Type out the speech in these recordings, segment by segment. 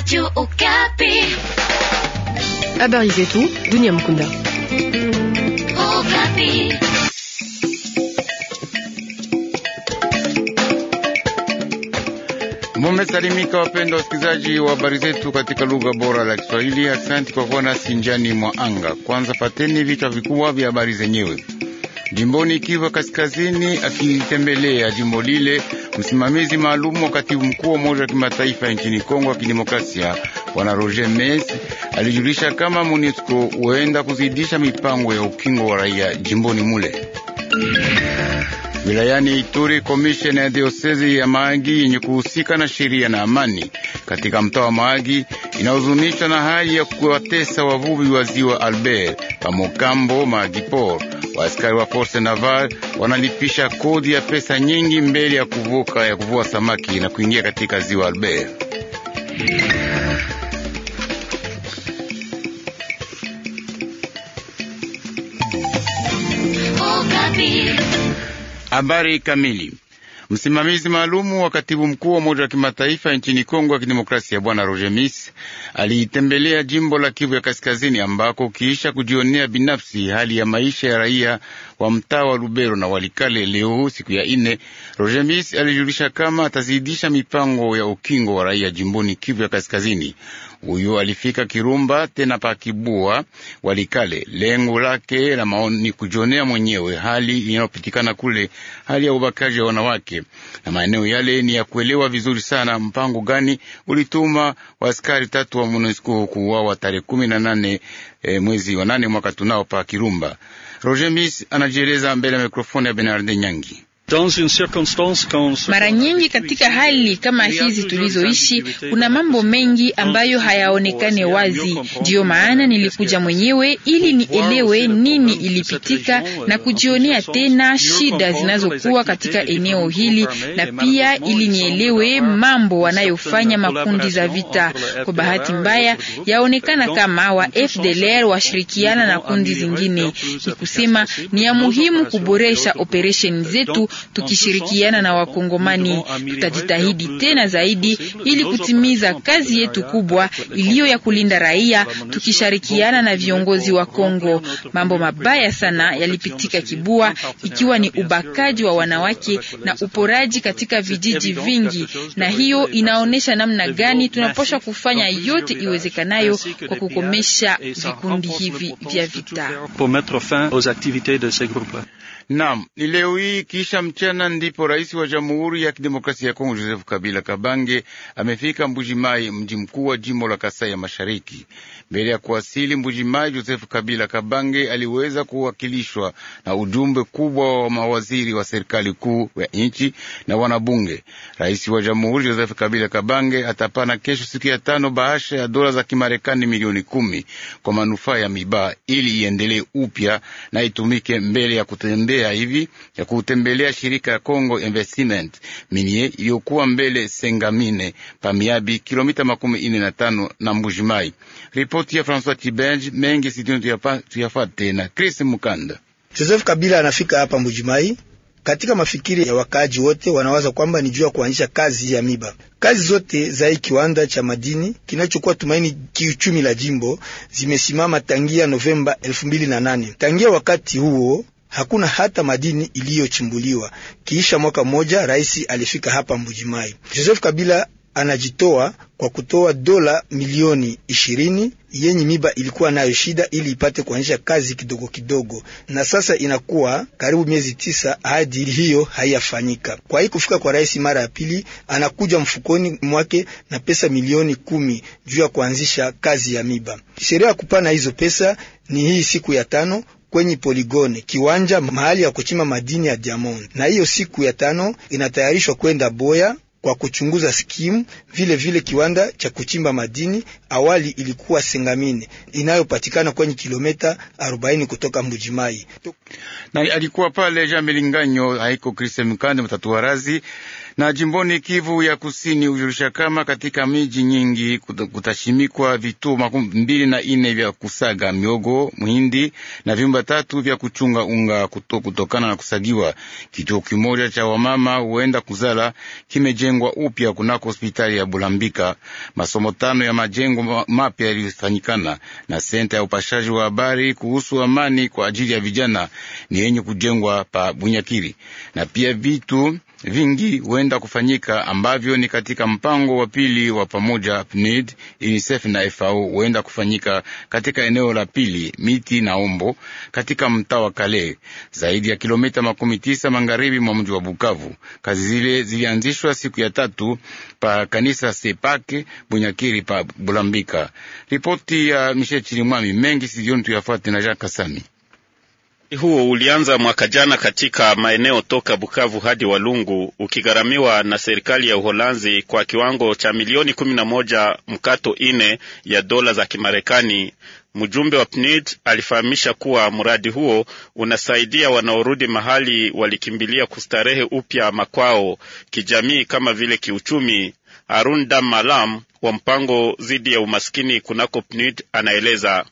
Radio Okapi. Habari ah zetu dunia mkunda. Okapi. Mumesalimika wapenda wasikilizaji wa habari zetu katika lugha bora la Kiswahili. Asante kwa kuwa nasi mwa anga. Kwanza pateni vichwa vikubwa vya habari zenyewe jimboni Kivu Kaskazini. Akitembelea jimbo lile, msimamizi maalumu wa katibu mkuu wa Umoja wa Kimataifa nchini Kongo ya Kidemokrasia, Bwana Roger Mes alijulisha kama MONUSCO huenda kuzidisha mipango ya ukingo wa raia jimboni mule. Wilayani Ituri, komisheni ya diosezi ya Mangi yenye kuhusika na sheria na amani katika mtaa wa maagi inahuzunishwa na hali ya kuwatesa wavuvi wa ziwa Albert pamokambo Mahagi Port. Waaskari wa force naval wanalipisha kodi ya pesa nyingi mbele ya kuvuka ya kuvua samaki na kuingia katika ziwa Albert. Habari kamili Msimamizi maalumu wa katibu mkuu wa Umoja wa Kimataifa nchini Kongo ya Kidemokrasia, Bwana Rogemis aliitembelea jimbo la Kivu ya Kaskazini, ambako kiisha kujionea binafsi hali ya maisha ya raia wa mtaa wa Lubero na Walikale leo siku ya ine, Rogemis alijulisha kama atazidisha mipango ya ukingo wa raia jimboni Kivu ya Kaskazini. Huyu alifika Kirumba tena pakibua Walikale, lengo lake la maoni kujionea mwenyewe hali inayopitikana kule, hali ya ubakaji wa wanawake na maeneo yale. Ni ya kuelewa vizuri sana mpango gani ulituma waaskari tatu wa MONUSCO kuuawa tarehe kumi na nane e, mwezi wa nane mwaka tunao pa Kirumba. Roger Miss anajieleza mbele ya mikrofoni ya Benarde Nyangi. Mara nyingi katika hali kama hizi tulizoishi, kuna mambo mengi ambayo hayaonekane wazi. Ndiyo maana nilikuja mwenyewe ili nielewe nini ilipitika na euh, kujionea tena shida zinazokuwa katika eneo hili, na pia ili nielewe mambo wanayofanya makundi za vita. Kwa bahati mbaya, yaonekana kama wa FDLR washirikiana na kundi zingine. Ni kusema ni ya muhimu kuboresha operesheni zetu tukishirikiana na Wakongomani. Tutajitahidi tena zaidi ili kutimiza kazi yetu kubwa iliyo ya kulinda raia, tukishirikiana na viongozi wa Kongo. Mambo mabaya sana yalipitika Kibua, ikiwa ni ubakaji wa wanawake na uporaji katika vijiji vingi, na hiyo inaonyesha namna gani tunapaswa kufanya yote iwezekanayo kwa kukomesha vikundi hivi vya vita. Naam, ni leo hii kisha mchana ndipo rais wa Jamhuri ya Kidemokrasia ya Kongo Joseph Kabila Kabange amefika Mbujimai, mji mkuu wa jimbo la Kasai ya Mashariki. Mbele ya kuwasili Mbujimai, Joseph Kabila Kabange aliweza kuwakilishwa na ujumbe kubwa wa mawaziri wa serikali kuu ya nchi na wanabunge. Rais wa Jamhuri Joseph Kabila Kabange atapana kesho, siku ya tano, bahasha ya dola za Kimarekani milioni kumi kwa manufaa ya Mibaa ili iendelee upya na itumike mbele ya kutembea hivi ya kutembelea shirika ya Congo Investment Minie iliyokuwa mbele Sengamine Pamiabi, kilomita makumi ine na tano na Mbujimai. Ripoti ya François Tibenge mengi sitini tuyafate tena. Chris Mukanda. Joseph Kabila anafika hapa Mbujimai katika mafikiri ya wakaaji wote wanawaza kwamba ni juu ya kuanzisha kazi ya miba. Kazi zote za hii kiwanda cha madini kinachokuwa tumaini kiuchumi la jimbo zimesimama tangia Novemba elfu mbili na nane. Tangia wakati huo hakuna hata madini iliyochimbuliwa. Kiisha mwaka mmoja, rais alifika hapa Mbujimai. Joseph Kabila anajitoa kwa kutoa dola milioni ishirini yenye miba ilikuwa nayo shida ili ipate kuanzisha kazi kidogo kidogo, na sasa inakuwa karibu miezi tisa hadi hiyo haiyafanyika. Kwa hii kufika kwa rais mara ya pili, anakuja mfukoni mwake na pesa milioni kumi juu ya kuanzisha kazi ya miba. Sheria ya kupana hizo pesa ni hii siku ya tano kwenye poligone kiwanja mahali ya kuchima madini ya diamond, na hiyo siku ya tano inatayarishwa kwenda Boya kwa kuchunguza skimu vile vile kiwanda cha kuchimba madini. Awali ilikuwa Sengamine inayopatikana kwenye kilometa 40 kutoka Mbujimai, na alikuwa pale Jean Milinganyo, haiko Kriste Mkande mtatuwarazi na jimboni Kivu ya Kusini hujulisha kama katika miji nyingi kutashimikwa vituo makumi mbili na ine vya kusaga miogo muhindi na vyumba tatu vya kuchunga unga kuto, kutokana na kusagiwa. Kituo kimoja cha wamama huenda kuzala kimejengwa upya kunako hospitali ya Bulambika. Masomo tano ya majengo mapya yaliyofanyikana na senta ya upashaji wa habari kuhusu amani kwa ajili ya vijana ni yenye kujengwa pa Bunyakiri na pia vitu vingi huenda kufanyika ambavyo ni katika mpango wa pili wa pamoja PNID, UNICEF na FAO huenda kufanyika katika eneo la pili miti na ombo katika mtaa wa Kale, zaidi ya kilomita makumi tisa magharibi mwa mji wa Bukavu. Kazi zile zilianzishwa siku ya tatu pa kanisa Sepake Bunyakiri pa Bulambika. Ripoti ya Mishe Chirimwami mengi sijioni tuyafuate na Jacques Kasami huo ulianza mwaka jana katika maeneo toka Bukavu hadi Walungu, ukigharamiwa na serikali ya Uholanzi kwa kiwango cha milioni kumi na moja mkato ine ya dola za Kimarekani. Mjumbe wa PNID alifahamisha kuwa mradi huo unasaidia wanaorudi mahali walikimbilia kustarehe upya makwao kijamii kama vile kiuchumi. arun Dam Malam wa mpango dhidi ya umaskini kunako PNID anaeleza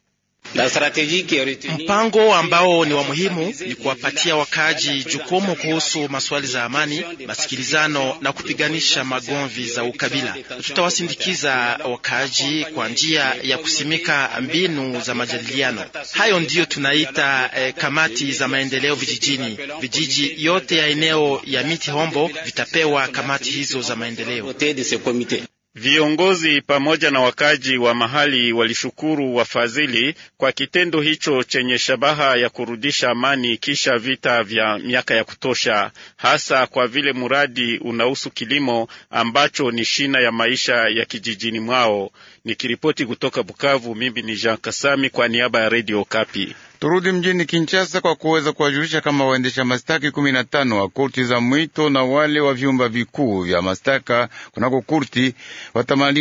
Mpango ambao ni wa muhimu ni kuwapatia wakaaji jukumu kuhusu maswali za amani, masikilizano na kupiganisha magomvi za ukabila. Tutawasindikiza wakaaji kwa njia ya kusimika mbinu za majadiliano. Hayo ndiyo tunaita eh, kamati za maendeleo vijijini. Vijiji yote ya eneo ya Miti Hombo vitapewa kamati hizo za maendeleo. Viongozi pamoja na wakaji wa mahali walishukuru wafadhili kwa kitendo hicho chenye shabaha ya kurudisha amani kisha vita vya miaka ya kutosha, hasa kwa vile muradi unahusu kilimo ambacho ni shina ya maisha ya kijijini mwao. Nikiripoti kutoka Bukavu, mimi ni Jean Kasami kwa niaba ya Redio Kapi. Turudi mjini Kinshasa kwa kuweza kuwajulisha kama waendesha mastaki kumi na tano wa korti za mwito na wale wa vyumba vikuu vya mastaka kunako kurti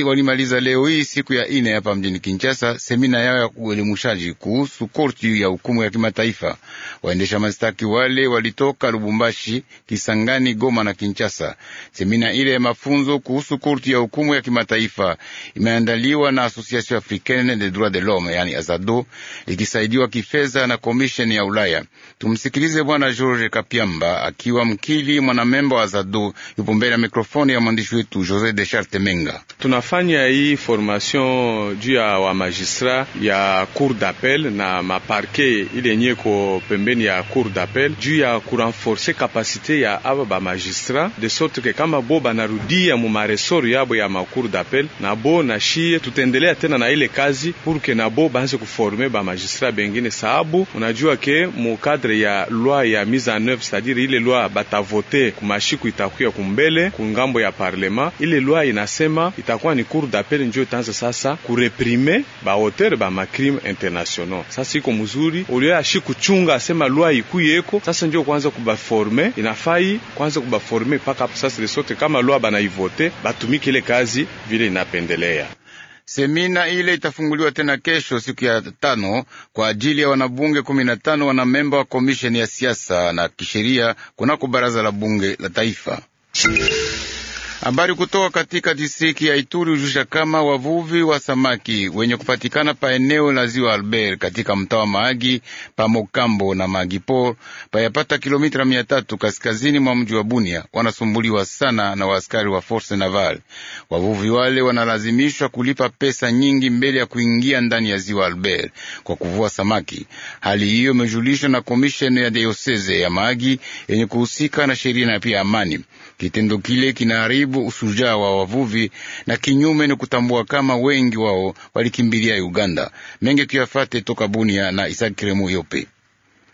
walimaliza leo hii siku ya ine hapa mjini Kinshasa semina yao ya uelimushaji kuhusu korti ya hukumu ya kimataifa. Waendesha mastaki wale walitoka Lubumbashi, Kisangani, Goma na Kinshasa. Semina ile ya mafunzo kuhusu korti ya hukumu ya kimataifa imeandaliwa likiwa na Association Africaine des Droits de l'Homme, yani Azado, likisaidiwa kifedha na Komisheni ya Ulaya. Tumsikilize Bwana George Kapiamba akiwa mkili mwanamemba wa Azado, yupo mbele ya mikrofoni ya mwandishi wetu Jose de Charte Menga. Tunafanya hii formation juu ya wa magistrat ya cour d'appel na maparke ile nyeko pembeni ya cour d'appel juu ya kurenforce kapasite ya aba ba magistrat de sorte ke kama bo banarudia mu maresoro yabo ya macour d'appel na bo na shi pia tutaendelea tena na ile kazi purke nabo baanze kuforme ba magistrat bengine, sababu unajua ke mukadre ya loi ya mise en oeuvre c'est-à-dire ile loi batavote kumashiku itakuya kumbele kungambo ya parlema, ile loi inasema itakuwa ni cour d'appel njo itanza sasa kureprime bahotere ba macrime international. Sasa iko mzuri ulio chunga asema loi ikuyeko sasa njo kwanza kubaforme, inafai kwanza kubaforme mpaka hapo sasa, resote kama loi banaivote batumike ile kazi vile inapendelea. Semina ile itafunguliwa tena kesho siku ya tano kwa ajili ya wanabunge kumi na tano wanamemba wa komisheni ya siasa na kisheria kunako baraza la bunge la taifa. Habari kutoka katika distriki ya Ituri ujusha kama wavuvi wa samaki wenye kupatikana pa eneo la ziwa Albert katika mtaa wa Mahagi pa Mokambo na Magipo payapata kilomita mia tatu kaskazini mwa mji wa Bunia wanasumbuliwa sana na waaskari wa Force Naval. Wavuvi wale wanalazimishwa kulipa pesa nyingi mbele ya kuingia ndani ya ziwa Albert kwa kuvua samaki. Hali hiyo imejulishwa na komisheni ya dioseze ya maagi yenye kuhusika na sheria na pia amani. Kitendo kile kinaharibu kuharibu ushujaa wa wavuvi, na kinyume ni kutambua kama wengi wao walikimbilia Uganda. Mengi tuyafate toka Bunia na Isaki Kiremu Yope.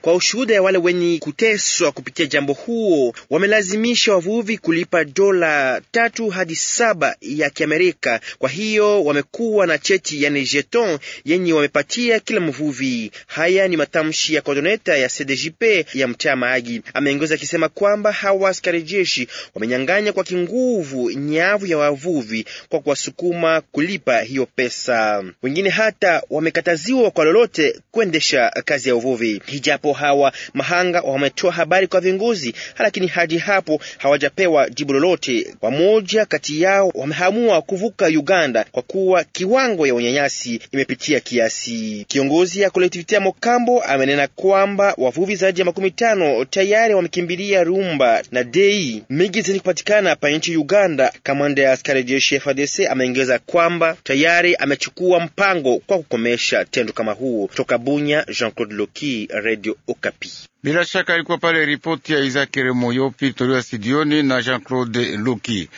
Kwa ushuhuda ya wale wenye kuteswa kupitia jambo huo, wamelazimisha wavuvi kulipa dola tatu hadi saba ya Kiamerika. Kwa hiyo wamekuwa na cheti yani jeton yenye wamepatia kila mvuvi. Haya ni matamshi ya kodoneta ya CDJP ya mtaa Maagi. Ameongeza akisema kwamba hawa askari jeshi wamenyang'anya kwa kinguvu nyavu ya wavuvi kwa kuwasukuma kulipa hiyo pesa. Wengine hata wamekataziwa kwa lolote kuendesha kazi ya uvuvi hijapo hawa mahanga wametoa habari kwa viongozi, lakini hadi hapo hawajapewa jibu lolote. Wamoja kati yao wamehamua kuvuka Uganda kwa kuwa kiwango ya unyanyasi imepitia kiasi. Kiongozi ya kolektiviti ya Mokambo amenena kwamba wavuvi zaidi ya makumi tano tayari wamekimbilia Rumba na Dei, miji zenye kupatikana hapa nchi Uganda. Kamanda ya askari jeshi FDC ameongeza kwamba tayari amechukua mpango kwa kukomesha tendo kama huo. Toka Bunya, Jean Claude Loki, Radio Okapi. Bila shaka ilikuwa pale ripoti ya Izakire Moyopi tolewa studioni na Jean Claude Luki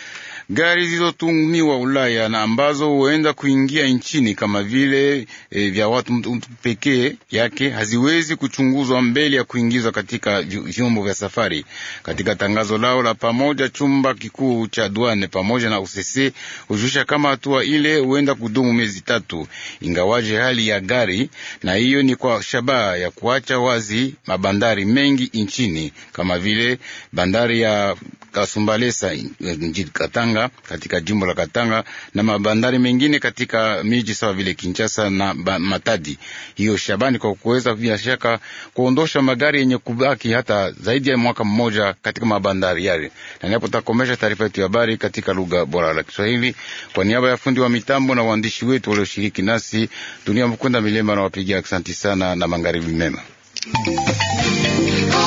gari zilizotumiwa Ulaya na ambazo huenda kuingia nchini kama vile e, vya watu pekee yake haziwezi kuchunguzwa mbele ya kuingizwa katika vyombo vya safari. Katika tangazo lao la pamoja, chumba kikuu cha duane pamoja na usese hushusha kama hatua ile huenda kudumu miezi tatu, ingawaje hali ya gari na hiyo ni kwa shabaha ya kuacha wazi mabandari mengi nchini kama vile bandari ya Kasumbalesa eh, Katanga Katanga katika jimbo la Katanga na mabandari mengine katika miji sawa vile Kinshasa na Matadi. Hiyo Shabani, kwa kuweza bila shaka kuondosha magari yenye kubaki hata zaidi ya mwaka mmoja katika mabandari yale. Na hapo tutakomesha taarifa yetu ya habari katika lugha bora la Kiswahili kwa niaba ya fundi wa mitambo na waandishi wetu walioshiriki nasi, dunia mkunda milema na wapigia asante sana na magharibi mema.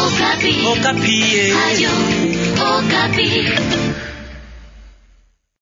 Okapi. Okapi. Eh.